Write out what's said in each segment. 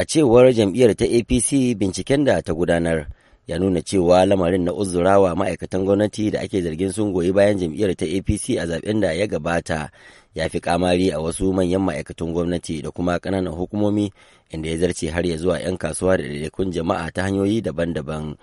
A cewar jam'iyyar ta APC binciken da ta gudanar ya nuna cewa lamarin na uzurawa ma'aikatan gwamnati da ake zargin sun goyi bayan jam'iyyar ta APC a zaben da ya gabata ya fi kamari a wasu manyan ma'aikatan gwamnati da kuma kananan hukumomi inda ya zarce har ya zuwa 'yan kasuwa da daidaikun jama'a ta hanyoyi daban-daban.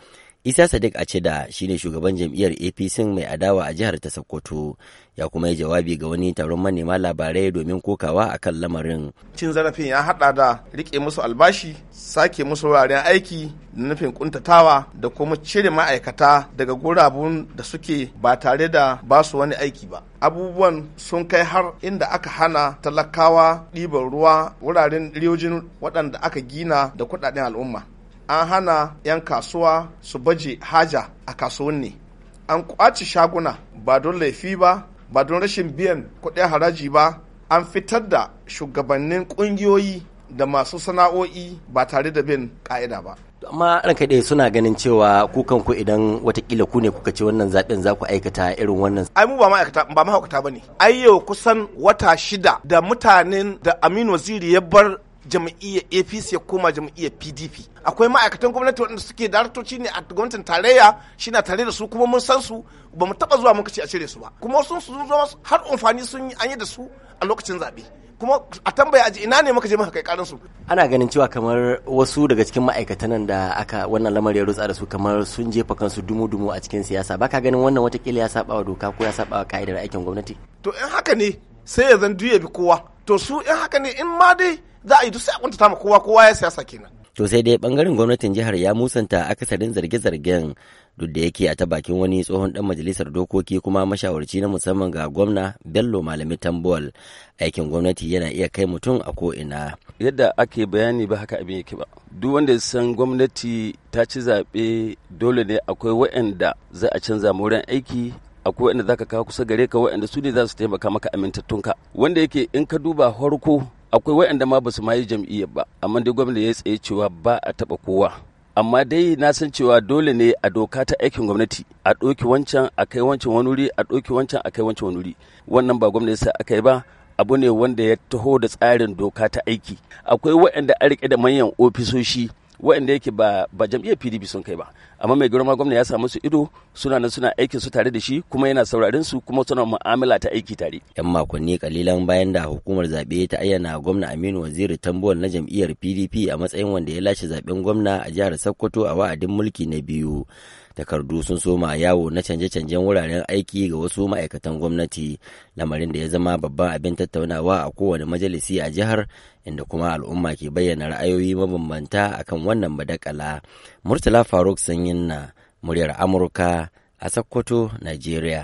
isa sadiq a da shine shugaban jam'iyyar apc mai adawa a jihar ta sokoto ya kuma yi jawabi ga wani taron manema labarai domin kokawa a kan lamarin cin zarafin ya hada da rike musu albashi sake musu wuraren aiki da nufin kuntatawa da kuma cire ma'aikata daga gurabun da suke ba tare da basu wani aiki ba abubuwan sun kai har inda aka hana talakawa ɗiban ruwa wuraren riyojin waɗanda aka gina da kuɗaɗen al'umma an hana 'yan kasuwa su baje haja a kasuwan ne. an kwaci shaguna ba don laifi ba ba don rashin biyan kuɗin haraji ba an fitar da shugabannin ƙungiyoyi da masu sana'o'i ba tare da bin ka'ida ba amma ranka dai suna ganin cewa ku kanku idan watakila ku ne kuka ce wannan zaben za ku aikata irin wannan ai mu ba ma'aikata ba mahaukata bane ai yau kusan wata shida da mutanen da Aminu Waziri ya bar jam'iyyar apc ya koma jam'iyyar pdp akwai ma'aikatan gwamnati waɗanda suke daraktoci ne a gwamnatin tarayya shi na tare da su kuma mun san su ba mu taɓa zuwa muka ce a cire su ba kuma sun su zo har amfani sun yi an yi da su a lokacin zaɓe kuma a tambaya aji ina ne muka je muka kai karin su ana ganin cewa kamar wasu daga cikin ma'aikatan da aka wannan lamarin ya rutsa da su kamar sun jefa kansu dumu-dumu a cikin siyasa baka ganin wannan watakila ya saba wa doka ko ya saba wa ka'idar aikin gwamnati to in haka ne sai ya zan duye bi kowa to su in haka ne in ma dai za a yi duk sai a kuntata ma kowa kowa ya siyasa kenan to sai dai bangaren gwamnatin jihar ya musanta akasarin zarge-zargen duk da yake a ta bakin wani tsohon dan majalisar dokoki kuma mashawarci na musamman ga gwamna bello malami tambol aikin gwamnati yana iya kai mutum a ko ina. yadda ake bayani ba haka abin yake ba duk wanda ya san gwamnati ta ci zaɓe dole ne akwai waɗanda za a canza wurin aiki akwai waɗanda za ka kawo kusa gare ka waɗanda su ne za su taimaka maka amintattunka wanda yake in ka duba farko akwai waɗanda ma ba su ma yi ba amma dai gwamnati ya tsaye cewa ba a taɓa kowa amma dai na san cewa dole ne a doka ta aikin gwamnati a ɗoki wancan a kai wancan wani wuri a ɗoki wancan a kai wancan wani wuri wannan ba gwamnati sai aka yi ba abu ne wanda ya taho da tsarin doka ta aiki akwai waɗanda a riƙe da manyan ofisoshi waɗanda yake ba ba jam'iyyar PDP sun kai ba amma mai girma gwamna ya samu su ido suna nan suna aikin su tare da shi kuma yana sauraren su kuma suna mu'amala ta aiki tare yan makonni kalilan bayan da hukumar zabe ta ayyana gwamna Aminu Waziri tambuwar na jam'iyyar PDP a matsayin wanda ya lashe zaben gwamna a jihar Sokoto a wa'adin mulki na biyu takardu sun soma yawo na canje-canjen wuraren aiki ga wasu ma'aikatan gwamnati lamarin da ya zama babban abin tattaunawa a kowane majalisi a jihar inda kuma al'umma ke bayyana ra'ayoyi mabambanta akan wannan badakala murtala faruk sanyin na muryar amurka a sokoto nigeria